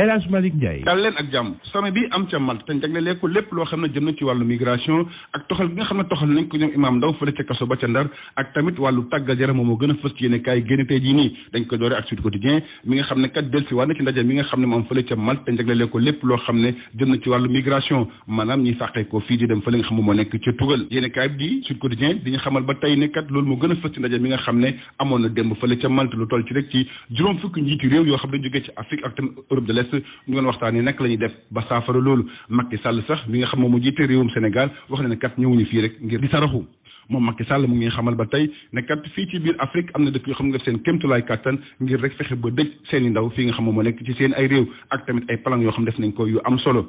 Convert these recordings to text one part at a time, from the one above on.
El Hadj Malick Ndiaye leen ak jàmm sommet bi am ca Malte te jaglelee lépp loo xam ne jëm na ci wàllu migration ak toxal bi nga xam ne toxal nañ ko ñoom Imaam a fës ci yéene kaay génn nga xam ne kat delsi na ci ndaje mi nga xam loo xam ne jëm na ci wàllu migration maanaam ñi ko fii di dem fële nga xam ne moo xamal ba tey ne kat loolu moo gën a fës ci ndaje mi nga xam ne amoon na démb fële ca Malte lu toll ci rek ci juróom fukki njiitu réew yoo xam ne jógee ci Afrique ak tamit Europe de l'Est jeunesse ñu waxtaan ni nag la ñuy def ba saafara loolu Macky sàll sax mi nga xam moom mu jiite réewum Sénégal wax na ne kat ñëwuñu fii rek ngir di saraxu moom Macky Sall mu ngi xamal ba tey ne kat fii ci biir Afrique am na dëkk yoo xam nga seen kéemtulaay kàttan ngir rek fexe ba dëj seen i ndaw fii nga xam moom moo nekk ci seen ay réew ak tamit ay palang yoo xam def nañ ko yu am solo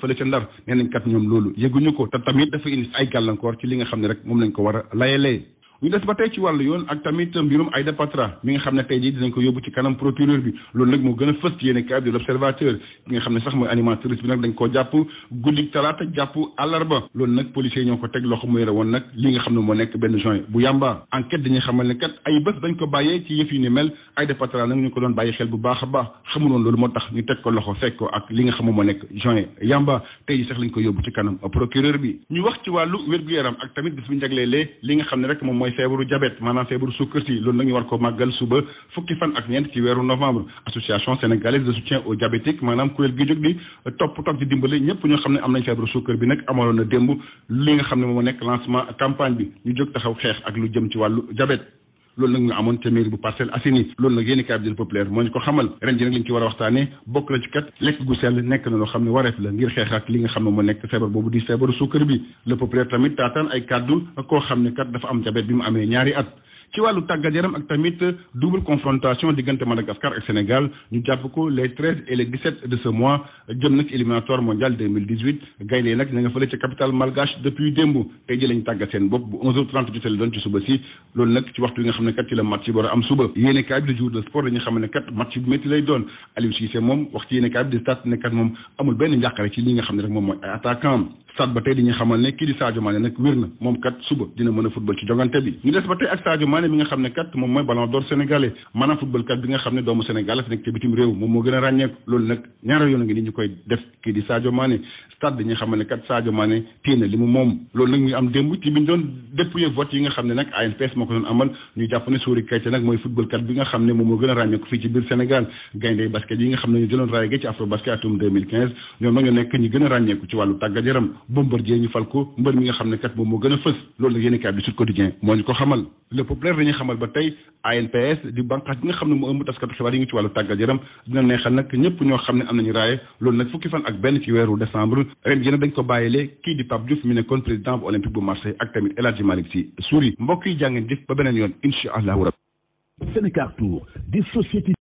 fële ca ndar nee nañ kat ñoom loolu yëguñu ko te tamit dafa indi ay gàllankoor ci li nga xam ne rek moom lañ ko war a layalee ñu def ba tey ci wàllu yoon ak tamit mbirum Aïda Patra mi nga xam ne tey jii dinañ ko yóbbu ci kanam procureur bi loolu nag moo gën a fës ci yéene kaay woon nag li nga xam ne moo nekk benn juin bu yàmba enquête ko ñu ko doon bàyyi xel bu a baax xamul woon loolu moo tax ñu teg ko loxo moo nekk juin yàmba tey jii sax lañ ko yóbbu ci kanam procureur bi ñu wax ci wàllu wér-gu-yaram ak tamit bis bu njagleelee li nga xam ne rek moom feebaru jabet maanaam feebaru sukkar si loolu nag ñu war ko màggal suba fukki fan ak ñeent ci weeru novembre association sénégalaise de soutien aux diabétiques maanaam kuréel gi jóg di topp toog di dimbali ñëpp ñoo xam ne am nañ feebaru sukkar bi nag amaloon na démb li nga xam ne moo nekk lancement campagne bi ñu jóg taxaw xeex ak lu jëm ci wàllu jabet loolu nag ñu amoon ca mairie bu Parcelles Assainies loolu nag yéen i cabinet populaire moo ñu ko xamal ren ji nag liñ ci war a waxtaane bokk na ci kat lekk gu sell nekk na loo xam ne wareef la ngir xeex ak li nga xam ne moo nekk feebar boobu di feebaru suukar bi le populaire tamit taataan ay kàddu koo xam ne kat dafa am jabet bi mu amee ñaari at ci wàllu tàggat yaram ak tamit double confrontation diggante Madagascar ak Sénégal ñu jàpp ko le treize et les dix sept de ce mois jëm nag éliminatoire mondial deux mille dix huit gaynde nag ña nga fële ca capitale malgache depuis démb tey ji lañ tàggat seen bopp bu onze heures ci suba si loolu nag ci waxtu nga xam ne kat ci la am suba yéene kaay bi de de sport dañu xam ne kat match bu métti lay doon Aliou Cissé moom wax ci yéene kaay bi de stade ne kat moom amul benn njàqare ci li nga xam ne rek moom mooy stade ba tey di ñu xamal ne kii di Sadio Mané nag wér na moom kat suba dina mën a football ci jogante bi ñu des ba tey ak Sadio Mané mi nga xam ne kat moom bi nga xam ne a ràññeeku loolu nag ñaari yoon ngi ni ñu koy def kii kat moom moo gën a ràññeeku fii ci biir Sénégal gayndey basket yi nga xam ne ñu jëloon raay gi ci Afro Basket atum 2015 ñoom nag nekk ñi gën a ràññeeku ci wàllu tàggat yaram Bombardier ñu fal mbër mi nga xam ne kat moom moo gën a fës loolu nag xamal ba tey ANPS di banqaas bi nga xam ne moo ëmb taskatu xibaar yi ngi ci wàllu tàggat yaram dina neexal nag ñëpp ñoo xam ne am nañu raaye loolu nag fukki fan ak benn ci weeru décembre ren gi nag dañ ko kii di Pape Diouf mi nekkoon président bu olympique bu Marseille ak tamit El Hadji Malick Sy Souris jàngeen jëf ba beneen yoon incha allahu rabbi Sénécar Tour des sociétés